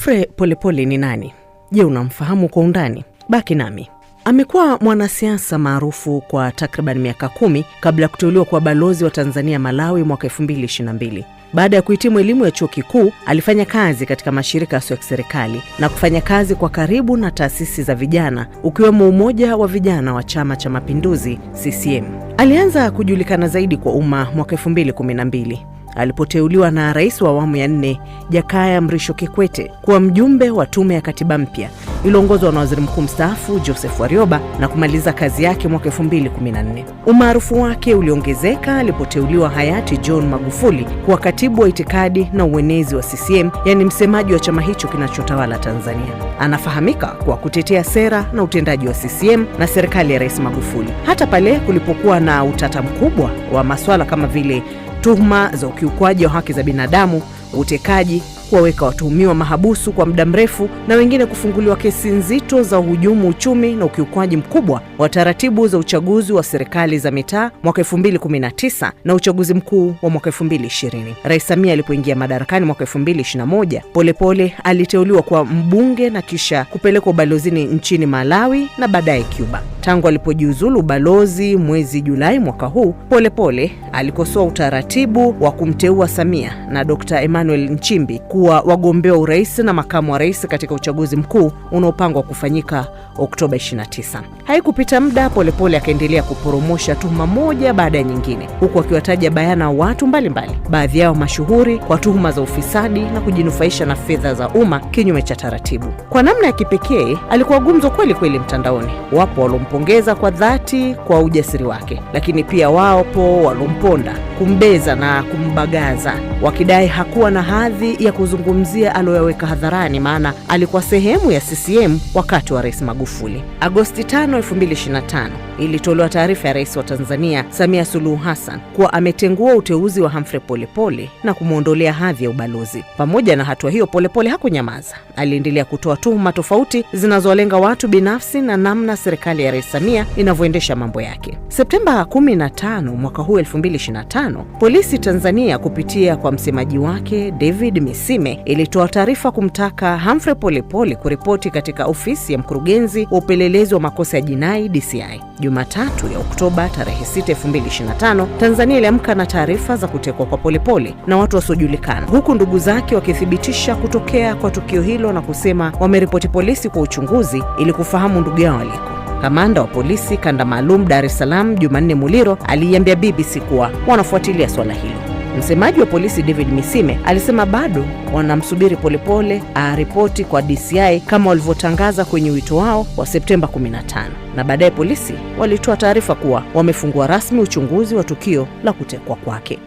Humphrey Polepole ni nani? Je, unamfahamu kwa undani? Baki nami. Amekuwa mwanasiasa maarufu kwa takriban miaka kumi kabla ya kuteuliwa kuwa balozi wa Tanzania Malawi mwaka 2022. Baada ya kuhitimu elimu ya chuo kikuu, alifanya kazi katika mashirika yasiyo ya kiserikali na kufanya kazi kwa karibu na taasisi za vijana, ukiwemo Umoja wa Vijana wa Chama cha Mapinduzi CCM. Alianza kujulikana zaidi kwa umma mwaka 2012 alipoteuliwa na rais wa awamu ya nne Jakaya Mrisho Kikwete kuwa mjumbe wa tume ya katiba mpya iliongozwa na waziri mkuu mstaafu Joseph Warioba na kumaliza kazi yake mwaka nne. Umaarufu wake uliongezeka alipoteuliwa hayati John Magufuli kuwa katibu wa itikadi na uenezi wa CCM, yaani msemaji wa chama hicho kinachotawala Tanzania. Anafahamika kwa kutetea sera na utendaji wa CCM na serikali ya Rais Magufuli, hata pale kulipokuwa na utata mkubwa wa maswala kama vile tuhuma za ukiukwaji wa haki za binadamu, utekaji, kuwaweka watuhumiwa mahabusu kwa muda mrefu na wengine kufunguliwa kesi nzito za uhujumu uchumi na ukiukwaji mkubwa wa taratibu za uchaguzi wa serikali za mitaa mwaka 2019 na uchaguzi mkuu wa mwaka 2020. Rais Samia alipoingia madarakani mwaka 2021, Polepole aliteuliwa kuwa mbunge na kisha kupelekwa ubalozini nchini Malawi na baadaye Cuba. Tangu alipojiuzulu balozi mwezi Julai mwaka huu, Polepole alikosoa utaratibu wa kumteua Samia na Dr. Emmanuel Nchimbi kuwa wagombea urais na makamu wa rais katika uchaguzi mkuu unaopangwa kufanyika Oktoba 29. Haikupita muda, Polepole akaendelea kuporomosha tuhuma moja baada ya nyingine, huku akiwataja bayana watu mbalimbali, baadhi yao mashuhuri kwa tuhuma za ufisadi na kujinufaisha na fedha za umma kinyume cha taratibu. Kwa namna ya kipekee alikuwa gumzo kweli kweli mtandaoni, wapo walom kumpongeza kwa dhati kwa ujasiri wake, lakini pia wapo walomponda, kumbeza na kumbagaza, wakidai hakuwa na hadhi ya kuzungumzia aliyoyaweka hadharani, maana alikuwa sehemu ya CCM wakati wa Rais Magufuli. Agosti 5, 2025 ilitolewa taarifa ya rais wa Tanzania Samia Suluhu Hassan kuwa ametengua uteuzi wa Humphrey Polepole na kumwondolea hadhi ya ubalozi. Pamoja na hatua hiyo, Polepole hakunyamaza, aliendelea kutoa tuhuma tofauti zinazowalenga watu binafsi na namna serikali ya rais Samia inavyoendesha mambo yake. Septemba 15 mwaka huu 2025, polisi Tanzania kupitia kwa msemaji wake David Misime ilitoa taarifa kumtaka Humphrey Polepole kuripoti katika ofisi ya mkurugenzi wa upelelezi wa makosa ya jinai DCI. Jumatatu ya Oktoba tarehe 6, 2025, Tanzania iliamka na taarifa za kutekwa kwa Polepole na watu wasiojulikana, huku ndugu zake wakithibitisha kutokea kwa tukio hilo na kusema wameripoti polisi kwa uchunguzi ili kufahamu ndugu yao aliko. Kamanda wa polisi kanda maalum Dar es Salaam Jumanne Muliro aliiambia BBC kuwa wanafuatilia swala hilo. Msemaji wa polisi David Misime alisema bado wanamsubiri Polepole aripoti kwa DCI kama walivyotangaza kwenye wito wao wa Septemba 15, na baadaye polisi walitoa taarifa kuwa wamefungua rasmi uchunguzi wa tukio la kutekwa kwake.